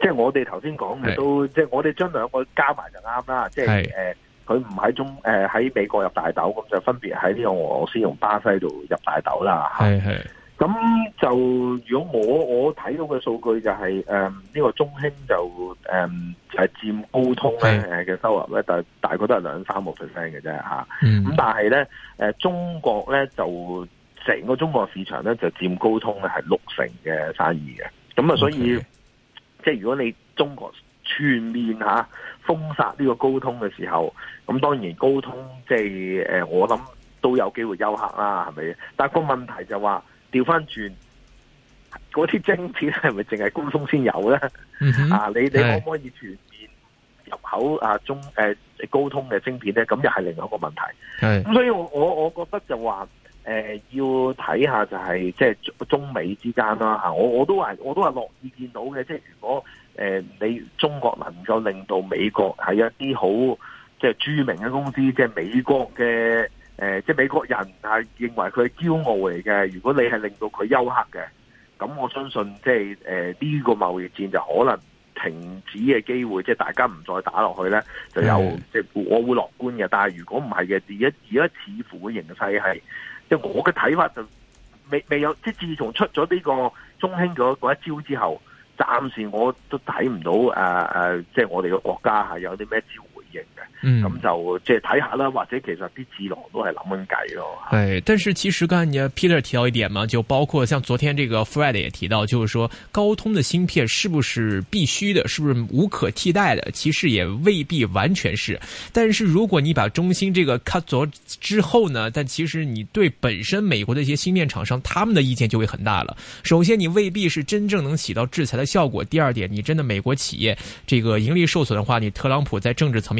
即係我哋頭先講嘅都，即係我哋將兩個加埋就啱啦。即係誒，佢唔喺中誒喺、呃、美國入大豆，咁就分別喺呢個俄羅斯、同巴西度入大豆啦。係係。咁就如果我我睇到嘅數據就係誒呢個中興就誒係、呃就是、佔高通咧嘅收入咧，大概都係兩三個 percent 嘅啫吓。咁、嗯、但係咧誒中國咧就成個中國市場咧就佔高通咧係六成嘅生意嘅。咁啊所以。Okay. 即係如果你中國全面吓、啊、封殺呢個高通嘅時候，咁當然高通即係誒，我諗都有機會休克啦，係咪？但個問題就話調翻轉，嗰啲晶片係咪淨係高通先有咧？Mm -hmm. 啊，你你可唔可以全面入口啊中誒、呃、高通嘅晶片咧？咁又係另外一個問題。咁、mm -hmm. 所以我我我覺得就話。誒、呃、要睇下就係、是、即係中美之間啦嚇，我我都話我都話樂意見到嘅，即係如果誒你中國能夠令到美國係一啲好即係著名嘅公司，即係美國嘅誒、呃，即係美國人係認為佢係驕傲嚟嘅。如果你係令到佢休克嘅，咁我相信即係誒呢個貿易戰就可能停止嘅機會，即係大家唔再打落去咧，就有即係、嗯就是、我會樂觀嘅。但係如果唔係嘅，而家而家似乎嘅形勢係。即係我嘅睇法就未未有，即係自從出咗呢個中興咗嗰一招之後，暫時我都睇唔到誒誒，即係我哋嘅國家係有啲咩招。嗯咁就即係睇下啦，或者其實啲智囊都係諗緊計咯。係，但是其實剛才你 Peter 提到一點嘛，就包括像昨天這個 Fred 也提到，就是說高通的芯片是不是必須的，是不是無可替代的？其實也未必完全是。但是如果你把中興這個 cut 咗之後呢，但其實你對本身美國的一些芯片廠商，他們的意見就會很大了。首先，你未必是真正能起到制裁的效果；第二點，你真的美國企業這個盈利受損的話，你特朗普在政治層面。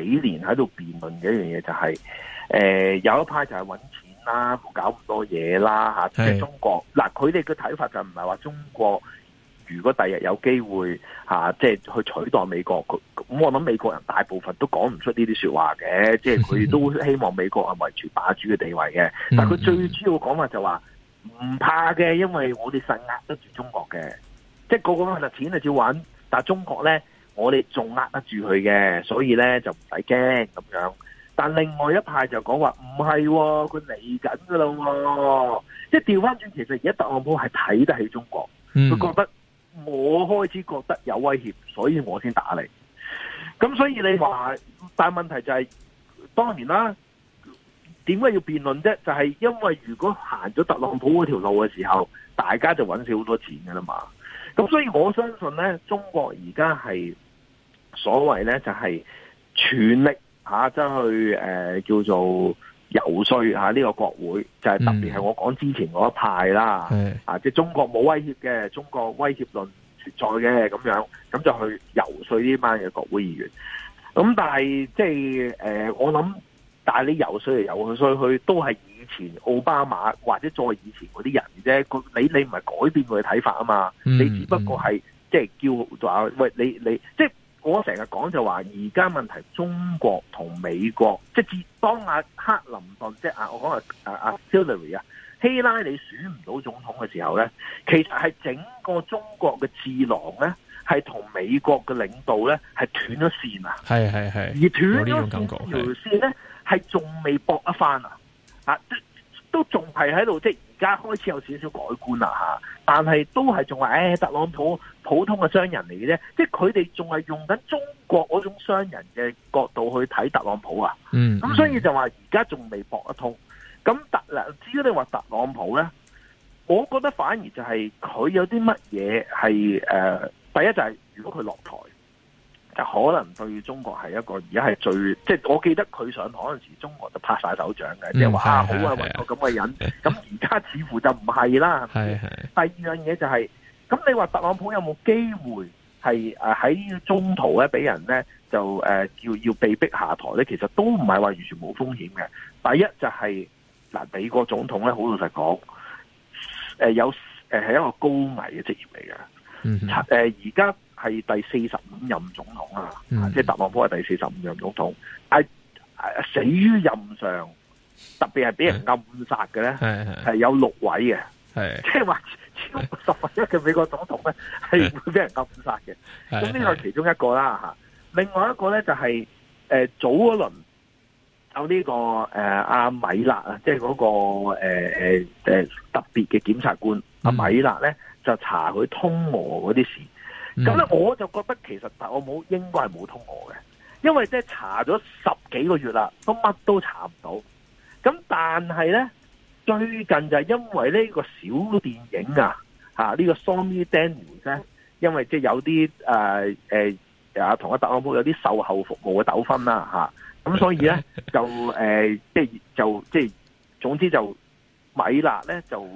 幾年喺度辯論嘅一樣嘢就係、是，誒、呃，有一派就係搵錢啦，搞咁多嘢啦吓，即係中國。嗱、啊，佢哋嘅睇法就唔係話中國如果第日有機會吓，即、啊、係、就是、去取代美國。咁我諗美國人大部分都講唔出呢啲說話嘅，即係佢都希望美國係維持霸主嘅地位嘅。但係佢最主要講法就話唔怕嘅，因為我哋實壓得住中國嘅，即、就、係、是、個個問錢錢啊要搵，但係中國咧。我哋仲呃得住佢嘅，所以咧就唔使驚咁樣。但另外一派就講話唔係，佢嚟緊噶咯，即係調翻轉。其實而家特朗普係睇得起中國，佢覺得、嗯、我開始覺得有威脅，所以我先打你。咁所以你話，但問題就係、是、當然啦，點解要辯論啫？就係、是、因為如果行咗特朗普嗰條路嘅時候，大家就搵少好多錢噶啦嘛。咁所以我相信呢，中國而家係。所謂咧就係全力吓，即係去誒叫做游說吓呢、啊這個國會，就係、是、特別係我講之前嗰一派啦，吓即係中國冇威脅嘅，中國威脅論存在嘅咁樣，咁就去游說呢班嘅國會議員。咁、嗯、但係即係誒，我諗但係你游說嚟游說去，都係以前奧巴馬或者再以前嗰啲人啫。佢你你唔係改變佢嘅睇法啊嘛，你只不過係即係叫話，喂你你即係。就是我成日講就話，而家問題中國同美國，即係當阿克林頓，即阿我講阿阿 Hillary 啊，希拉里選唔到總統嘅時候咧，其實係整個中國嘅智囊咧，係同美國嘅領導咧係斷咗線啊！係係係，而斷咗呢條線咧，係仲未駁一返啊！啊，都仲係喺度即。而家開始有少少改觀啦吓，但係都係仲話誒，特朗普普通嘅商人嚟嘅啫，即係佢哋仲係用緊中國嗰種商人嘅角度去睇特朗普啊，嗯，嗯，咁所以就話而家仲未博得通，咁特嗱至於你話特朗普咧，我覺得反而就係佢有啲乜嘢係誒，第一就係如果佢落。就可能對中國係一個而家係最，即係我記得佢上台嗰陣時，中國就拍晒手掌嘅，即係話啊，就是、是是是好啊，揾個咁嘅人。咁而家似乎就唔係啦。是是是第二樣嘢就係、是，咁你話特朗普有冇機會係誒喺中途咧俾人咧就誒叫、呃、要，要被逼下台咧？其實都唔係話完全冇風險嘅。第一就係、是、嗱、呃，美國總統咧好老實講，誒、呃、有誒係、呃、一個高危嘅職業嚟嘅。誒而家。呃係第四十五任總統啊，嗯、即係特朗普係第四十五任總統、啊，係、啊啊、死於任上，特別係俾人暗殺嘅咧，係有六位嘅，即係話超過十分一嘅美國總統咧係會俾人暗殺嘅。咁呢個係其中一個啦嚇、啊，另外一個咧就係、是、誒、呃、早嗰輪有呢、這個誒阿、呃啊、米勒啊，即係嗰、那個誒誒、呃呃、特別嘅檢察官阿、嗯、米勒咧就查佢通俄嗰啲事。咁、嗯、咧，我就覺得其實大澳冇應該係冇通過嘅，因為即係查咗十幾個月啦，都乜都查唔到。咁但係咧，最近就係因為呢個小電影啊，啊這個、Sony 呢個 s o m y Daniels 咧，因為即係有啲、呃呃、啊，同阿大澳冇有啲售後服務嘅糾紛啦嚇，咁所以咧就即係、呃、就即係總之就。米勒咧就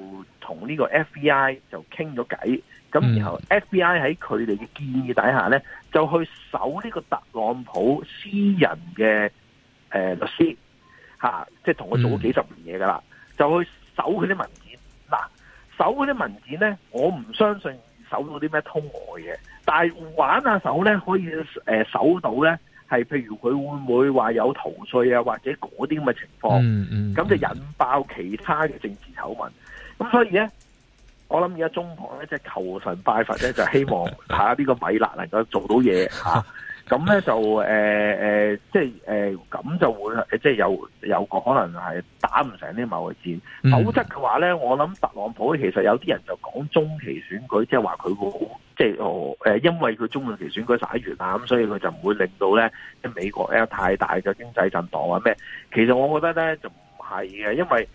同呢個 FBI 就傾咗偈，咁然後 FBI 喺佢哋嘅建議底下咧，就去搜呢個特朗普私人嘅誒律師，吓，即係同佢做咗幾十年嘢噶啦，就去搜佢啲文件。嗱，搜佢啲文件咧，我唔相信搜到啲咩通俄嘅，但係玩下手咧可以誒搜到咧。係，譬如佢會唔會話有逃稅啊，或者嗰啲咁嘅情況，咁、嗯嗯嗯、就引爆其他嘅政治醜聞。咁所以咧，我諗而家中共咧即係求神拜佛咧，就希望下、啊、呢 個米勒能夠做到嘢吓、啊。 咁咧就誒、呃呃、即係誒咁就會即係有有可能係打唔成啲某個戰，嗯、否則嘅話咧，我諗特朗普其實有啲人就講中期選舉，即係話佢會即係、呃、因為佢中期選舉失敗啊，咁所以佢就唔會令到咧，即美國有太大嘅經濟震盪啊咩？其實我覺得咧就唔係嘅，因為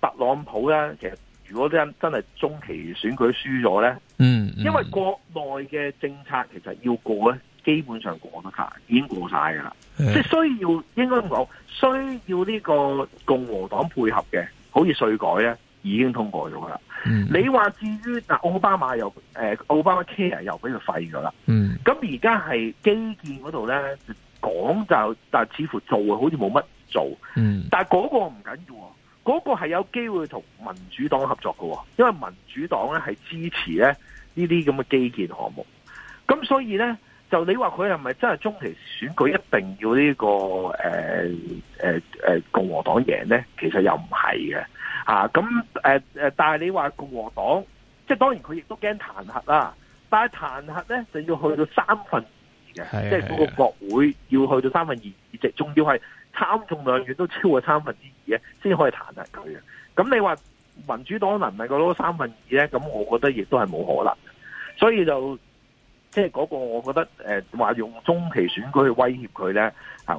特朗普咧，其實如果真真係中期選舉輸咗咧，嗯，因為國內嘅政策其實要過咧。基本上講得晒，已經過晒噶啦。即係需要，應該講需要呢個共和黨配合嘅，好似稅改咧，已經通過咗啦、嗯。你話至於嗱，奧巴馬又誒，奧巴馬 Care 又俾佢廢咗啦。咁而家係基建嗰度咧，講就但係似乎做啊，好似冇乜做。嗯、但係嗰個唔緊要，嗰個係有機會同民主黨合作噶，因為民主黨咧係支持咧呢啲咁嘅基建項目。咁所以咧。就你話佢係咪真係中期選舉一定要呢個誒誒誒共和黨贏咧？其實又唔係嘅咁誒誒，但係你話共和黨，即係當然佢亦都驚彈劾啦。但係彈劾咧就要去到三分二嘅，即係嗰個國會要去到三分二席，仲要係參眾兩院都超過三分之二咧，先可以彈劾佢嘅。咁你話民主黨能唔能夠攞三分二咧？咁我覺得亦都係冇可能，所以就。即係嗰個，我覺得誒，話、呃、用中期選舉去威脅佢咧，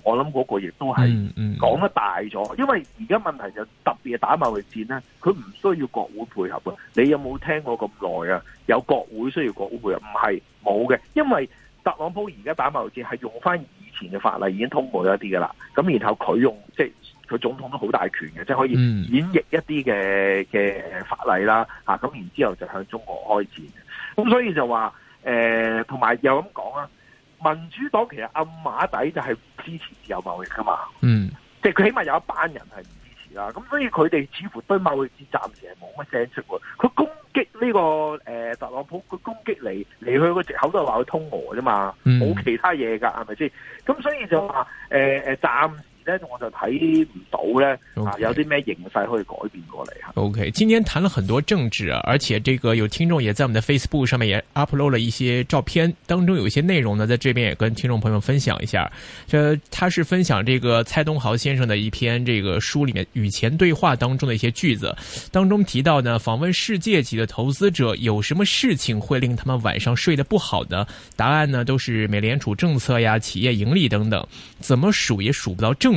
我諗嗰個亦都係講得大咗、嗯嗯。因為而家問題就是、特別係打貿易戰咧，佢唔需要國會配合嘅。你有冇聽過咁耐啊？有國會需要國會配合？唔係冇嘅，因為特朗普而家打貿易戰係用翻以前嘅法例已經通過咗一啲噶啦。咁然後佢用即係佢總統都好大權嘅，即係可以演繹一啲嘅嘅法例啦。咁、啊、然之後就向中國開戰。咁所以就話。誒、呃，同埋又咁講啊，民主黨其實暗馬底就係支持自由貿易噶嘛，嗯，即係佢起碼有一班人係唔支持啦，咁、嗯、所以佢哋似乎對貿易戰暫時係冇乜聲出喎。佢攻擊呢、這個誒、呃、特朗普，佢攻擊嚟，嚟去個藉口都係話佢通俄啫嘛，冇、嗯、其他嘢㗎，係咪先？咁、嗯、所以就話誒誒我就睇唔到呢，okay. 啊有啲咩形勢可以改變過嚟 OK，今天談了很多政治啊，而且這個有聽眾也在我們的 Facebook 上面也 upload 了一些照片，當中有一些內容呢，在這邊也跟聽眾朋友分享一下。這他是分享這個蔡東豪先生的一篇這個書裡面《與錢對話》當中的一些句子，當中提到呢，訪問世界級的投資者，有什麼事情會令他們晚上睡得不好呢？答案呢，都是美聯儲政策呀、企業盈利等等，怎麼數也數不到政治。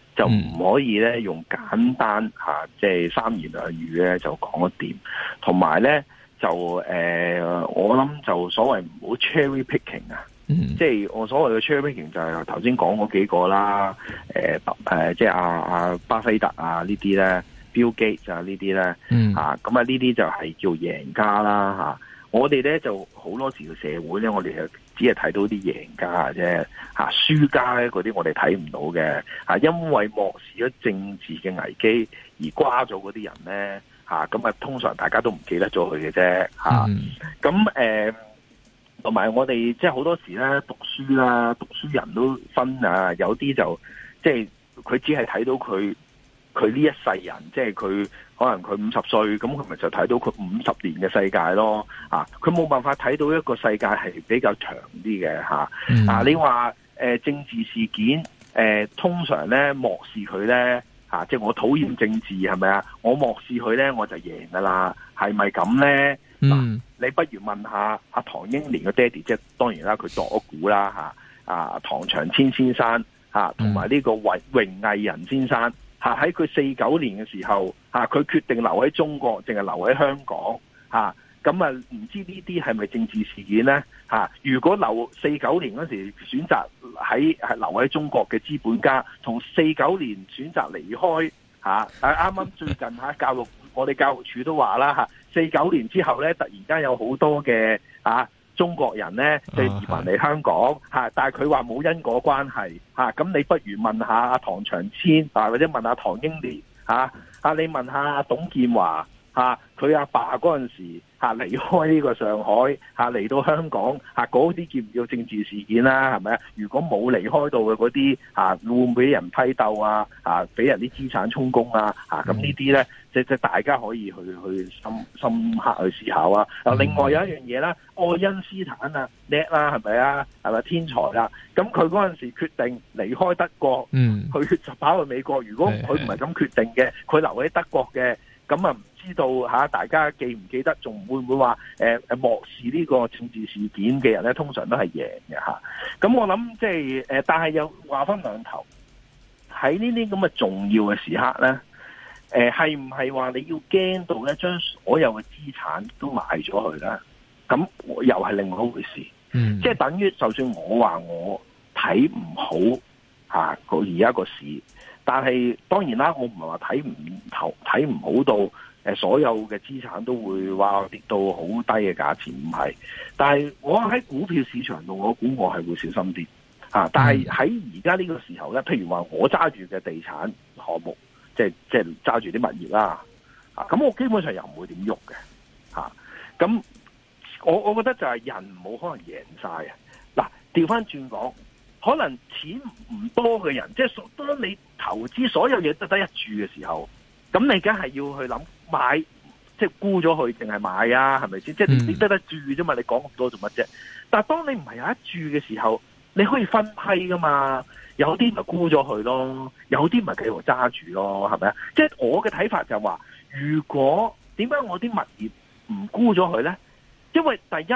就唔可以咧用簡單即係、嗯啊就是、三言兩語咧就講得掂。同埋咧就誒、呃，我諗就所謂唔好 cherry picking 啊、嗯，即、就、係、是、我所謂嘅 cherry picking 就係頭先講嗰幾個啦，即係阿阿巴菲特啊呢啲咧，Bill Gates 啊呢啲咧，嗯，咁啊呢啲就係叫贏家啦。我哋咧就好多時嘅社會咧，我哋係只係睇到啲贏家嘅啫，吓、啊、輸家咧嗰啲我哋睇唔到嘅，吓、啊、因為漠視咗政治嘅危機而瓜咗嗰啲人咧，吓咁啊通常大家都唔記得咗佢嘅啫，吓咁誒同埋我哋即係好多時咧讀書啦、啊，讀書人都分啊，有啲就即係佢只係睇到佢。佢呢一世人，即係佢可能佢五十歲，咁佢咪就睇到佢五十年嘅世界咯？佢、啊、冇辦法睇到一個世界係比較長啲嘅、啊嗯啊、你話、呃、政治事件、呃、通常咧漠視佢咧、啊、即係我討厭政治係咪啊？我漠視佢咧，我就贏噶啦，係咪咁咧？你不如問下阿、啊、唐英年嘅爹哋，即係當然啦，佢作咗古啦啊，啊唐翔千先生同埋呢個榮、嗯、榮毅仁先生。吓喺佢四九年嘅時候，吓佢決定留喺中國，淨係留喺香港，吓咁啊？唔知呢啲係咪政治事件咧？吓、啊、如果留四九年嗰時選擇喺係留喺中國嘅資本家，同四九年選擇離開，吓啱啱最近吓、啊、教育，我哋教育署都話啦吓，四、啊、九年之後咧，突然間有好多嘅啊。中國人咧，即移民嚟香港吓，但係佢話冇因果關係吓，咁你不如問下阿唐長千啊，或者問下唐英年吓，啊你問下董建華。吓佢阿爸嗰陣時吓離、啊、開呢個上海吓嚟、啊、到香港吓嗰啲叫唔叫政治事件啦係咪啊？如果冇離開到嘅嗰啲吓會唔會俾人批鬥啊？吓俾人啲資產充公啊？吓咁、啊啊、呢啲咧即即大家可以去去深深刻去思考啊！Mm. 另外有一樣嘢咧，愛因斯坦啊叻啦係咪啊？係咪天才啊？咁佢嗰陣時決定離開德國，嗯、mm.，去就跑去美國。如果佢唔係咁決定嘅，佢、mm. 留喺德國嘅咁啊。知道嚇，大家記唔記得會會？仲會唔會話誒誒漠視呢個政治事件嘅人咧？通常都係贏嘅嚇。咁我諗即係誒，但係又話返兩頭，喺呢啲咁嘅重要嘅時刻咧，誒係唔係話你要驚到咧將所有嘅資產都賣咗佢咧？咁又係另外一回事。嗯，即係等於就算我話我睇唔好嚇個而家個市。但係當然啦，我唔係話睇唔到睇唔好到，誒所有嘅資產都會話跌到好低嘅價錢，唔係。但係我喺股票市場度，我估我係會小心啲吓、啊。但係喺而家呢個時候咧，譬如話我揸住嘅地產項目，即係即係揸住啲物業啦，咁、啊、我基本上又唔會點喐嘅吓。咁、啊、我我覺得就係人冇可能贏晒啊！嗱，調翻轉講。可能錢唔多嘅人，即係當你投資所有嘢，得得一注嘅時候，咁你梗係要去諗買，即係沽咗佢定係買啊？係咪先？即係你得得住啫嘛？你講咁多做乜啫？但係當你唔係有一注嘅時候，你可以分批噶嘛？有啲咪沽咗佢咯，有啲咪繼續揸住咯？係咪啊？即係我嘅睇法就係話，如果點解我啲物業唔沽咗佢咧？因為第一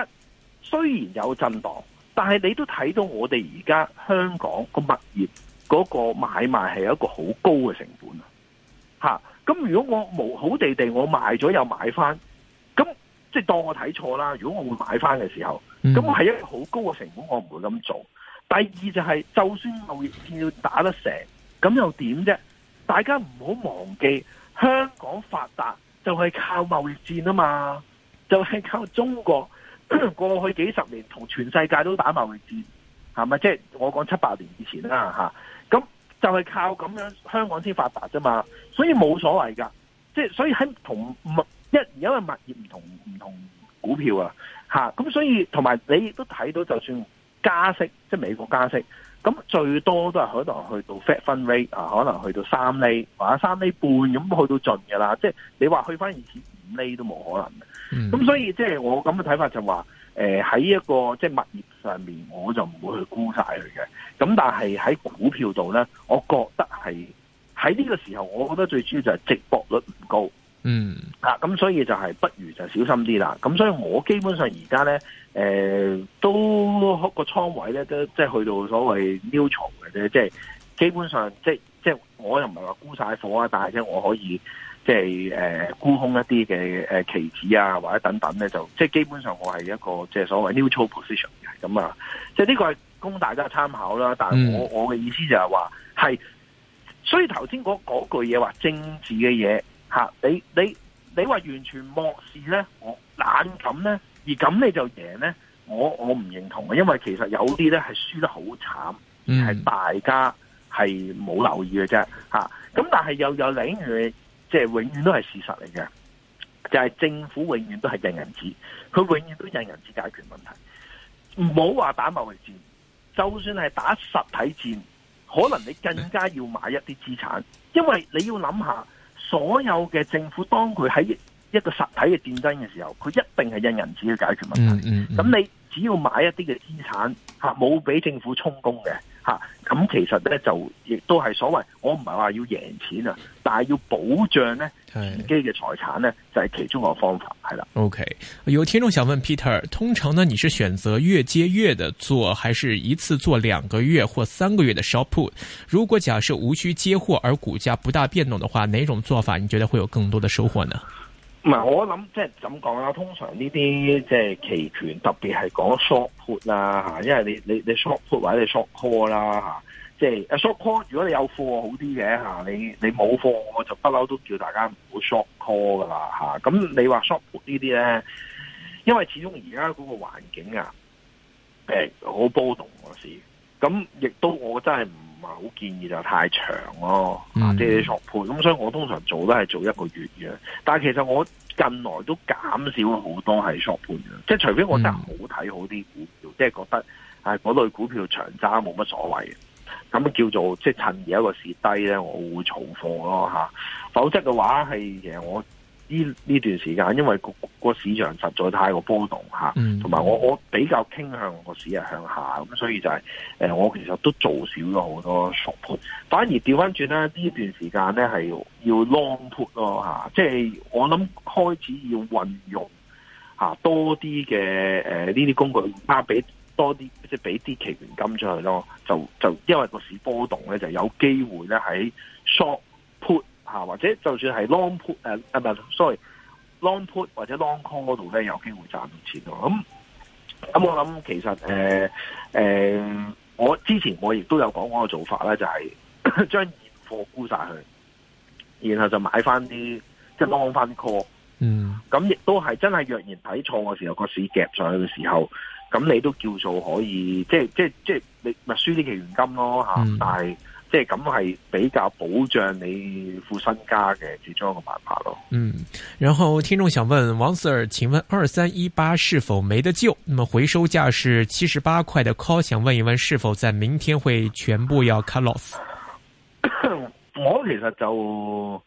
雖然有震盪。但係你都睇到我哋而家香港個物業嗰個買賣係有一個好高嘅成本啊！吓，咁如果我冇好地地我賣咗又買翻，咁即係當我睇錯啦。如果我會買翻嘅時候，咁係一個好高嘅成本，我唔會咁做。第二就係就算貿易戰要打得成，咁又點啫？大家唔好忘記，香港發達就係靠貿易戰啊嘛，就係靠中國。過去幾十年同全世界都打貿易戰，係咪？即係我講七八年以前啦，吓，咁就係靠咁樣香港先發達啫嘛，所以冇所謂噶。即係所以喺同物一，因為物業唔同唔同股票啊，吓，咁所以同埋你亦都睇到，就算加息，即係美國加息，咁最多都係可能去到 fat fund rate 啊，可能去到三厘或者三厘半咁去到盡噶啦。即係你話去翻以前五厘都冇可能。.咁、嗯、所以即係、就是、我咁嘅睇法就話，誒、呃、喺一個即係、就是、物業上面，我就唔會去沽晒佢嘅。咁但係喺股票度咧，我覺得係喺呢個時候，我覺得最主要就係值博率唔高。嗯咁、啊、所以就係不如就小心啲啦。咁所以我基本上而家咧，誒、呃、都、個倉位咧都即係去到所謂 neutral 嘅啫，即係基本上即即係我又唔係話沽晒火啊，但係即係我可以。即係誒、呃、沽空一啲嘅，誒期指啊，或者等等咧，就即係基本上我係一個即係所謂 neutral position 嘅。咁啊，即係呢個係供大家參考啦。但係我我嘅意思就係話，係所以頭先嗰、嗰句嘢，話政治嘅嘢，吓，你、你、你話完全漠視咧，我懶咁咧，而咁你就贏咧，我我唔認同嘅。因為其實有啲咧係輸得好慘，係大家係冇留意嘅啫，吓，咁但係又、又領佢即係永遠都係事實嚟嘅，就係、是、政府永遠都係印銀紙，佢永遠都印銀紙解決問題。唔好話打貿易戰，就算係打實體戰，可能你更加要買一啲資產，因為你要諗下，所有嘅政府當佢喺一個實體嘅戰爭嘅時候，佢一定係印銀紙去解決問題。咁你只要買一啲嘅資產，吓冇俾政府充公嘅。吓、啊，咁其實咧就亦都係所謂，我唔係話要贏錢啊，但係要保障呢自己嘅財產呢，就係、是、其中一個方法啦。OK，有聽眾想問 Peter，通常呢，你是選擇月接月的做，還是一次做兩個月或三個月的 Short Put？如果假設無需接貨而股價不大變動的話，哪種做法你覺得會有更多的收穫呢？唔係，我諗即係咁講啦，通常呢啲即係期權，特別係講 short put 啦嚇，因為你你你 short put 或者你 short call 啦嚇，即係 short call 如果你有貨好啲嘅嚇，你你冇貨我就不嬲都叫大家唔好 short call 噶啦嚇。咁你話 short put 呢啲咧，因為始終而家嗰個環境啊，誒好波動嗰時，咁亦都我真係唔～好建議就太長咯、嗯啊，即係 short 盤，咁所以我通常做都係做一個月嘅。但係其實我近來都減少好多係 short 盤嘅，即係除非我真係好睇好啲股票，嗯、即係覺得啊嗰類股票長揸冇乜所謂嘅，咁叫做即係趁而家一個市低咧，我會儲貨咯嚇、啊。否則嘅話係其實我。呢呢段時間，因為個市場實在太過波動嚇，同、嗯、埋我我比較傾向個市係向下咁，所以就係、誒、我其實都做少咗好多 short put，反而調翻轉咧，呢段時間咧係要 long put 咯嚇，即係我諗開始要運用嚇多啲嘅誒呢啲工具，加俾多啲即係俾啲期權金出去咯，就就因為個市波動咧，就有機會咧喺 short put，啊，或者就算係 long put 誒、啊、唔係，sorry，long put 或者 long call 嗰度咧，有機會賺到錢咯。咁咁我諗其實誒、呃呃、我之前我亦都有講過個做法咧，就係將現貨沽晒佢，然後就買翻啲即係 long 翻啲 call。嗯，咁亦都係真係若然睇錯嘅時候，個市夾上去嘅時候，咁你都叫做可以，即係即係即係你咪輸啲期權金咯、啊嗯、但係即係咁係比較保障你副身家嘅其中一個辦法咯。嗯，然後聽眾想問王 Sir，請問二三一八是否沒得救？那麼回收價是七十八塊的 call，想問一問是否在明天會全部要 cut loss？我其實就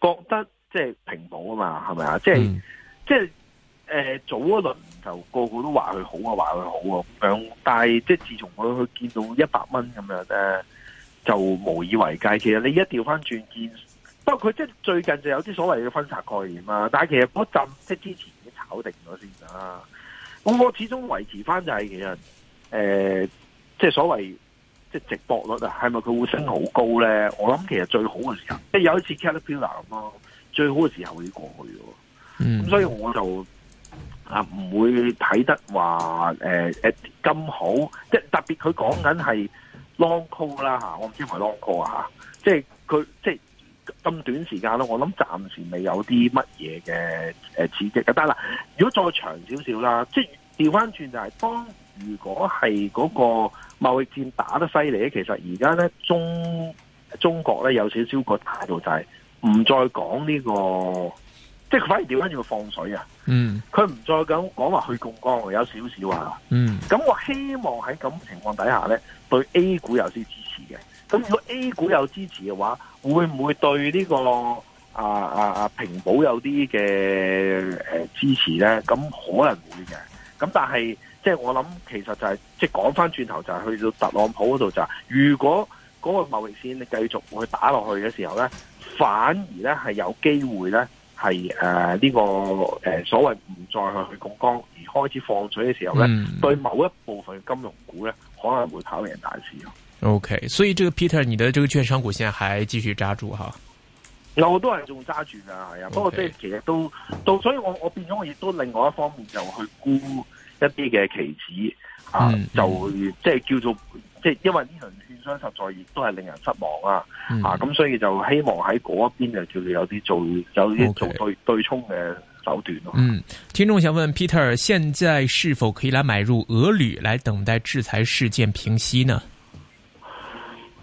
覺得即係、就是、平保啊嘛，係咪啊？即係即係誒，早一輪就個個都話佢好啊，話佢好啊咁樣。但係即係自從我去見到一百蚊咁樣誒。就無以為繼。其實你一家調翻轉見，不過佢即係最近就有啲所謂嘅分拆概念啊。但係其實嗰陣即係之前已經炒定咗先啦。咁我始終維持翻就係其實誒、呃，即係所謂即係值博率啊，係咪佢會升好高咧？我諗其實最好嘅時候，即係有一次 c a t a p i l l a r 咁咯。最好嘅時候已經過去咗。咁、嗯、所以我就啊，唔會睇得話誒誒咁好，即係特別佢講緊係。long call 啦嚇，我唔知係咪 long call 啊嚇，即係佢即係咁短時間咯，我諗暫時未有啲乜嘢嘅誒刺激嘅。但係啦，如果再長少少啦，即係調翻轉就係、是，當如果係嗰個貿易戰打得犀利咧，其實而家咧中中國咧有少少個態度就係唔再講呢、這個。即係反而掉返轉要放水啊？嗯，佢唔再咁講話去槓桿，有少少啊。嗯，咁我希望喺咁情況底下咧，對 A 股有啲支持嘅。咁如果 A 股有支持嘅話，會唔會對呢、這個啊啊啊平保有啲嘅誒支持咧？咁可能會嘅。咁但係即係我諗，其實就係、是、即係講翻轉頭，就係、是、去到特朗普嗰度就係、是，如果嗰個貿易戰你繼續去打落去嘅時候咧，反而咧係有機會咧。係誒呢個誒、呃、所謂唔再去去槓桿而開始放水嘅時候咧、嗯，對某一部分嘅金融股咧，可能會跑贏大市。啊。OK，所以這個 Peter，你的這個券商股現在還繼續揸住哈？有好多人仲揸住噶，係、okay. 啊。不過即係其實都都，所以我我變咗我亦都另外一方面就去沽一啲嘅期指啊，嗯、就即係叫做即係、就是、因為呢輪。實在亦都係令人失望啊！嗯、啊，咁所以就希望喺嗰一邊就叫你有啲做有啲做對、okay. 對沖嘅手段咯。嗯，聽眾想問 Peter，現在是否可以來買入俄鋁來等待制裁事件平息呢？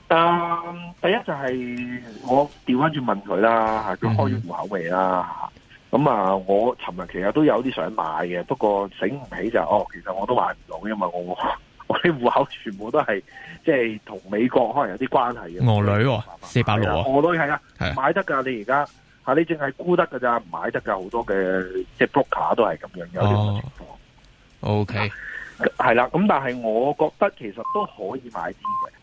啊、呃，第一就係我調翻轉問佢啦，吓佢開咗戶口未啦？吓咁啊，我尋日其實都有啲想買嘅，不過醒唔起就是、哦，其實我都買唔到，因為我。我啲戶口全部都係即係同美國可能有啲關係嘅，俄女、哦、四百六啊，俄女係啊，買得噶，你而家你淨係沽得噶咋，唔買得噶，好多嘅即係 broker 都係咁樣嘅、哦，有啲咁嘅情況。O K 係啦，咁但係我覺得其實都可以買啲嘅。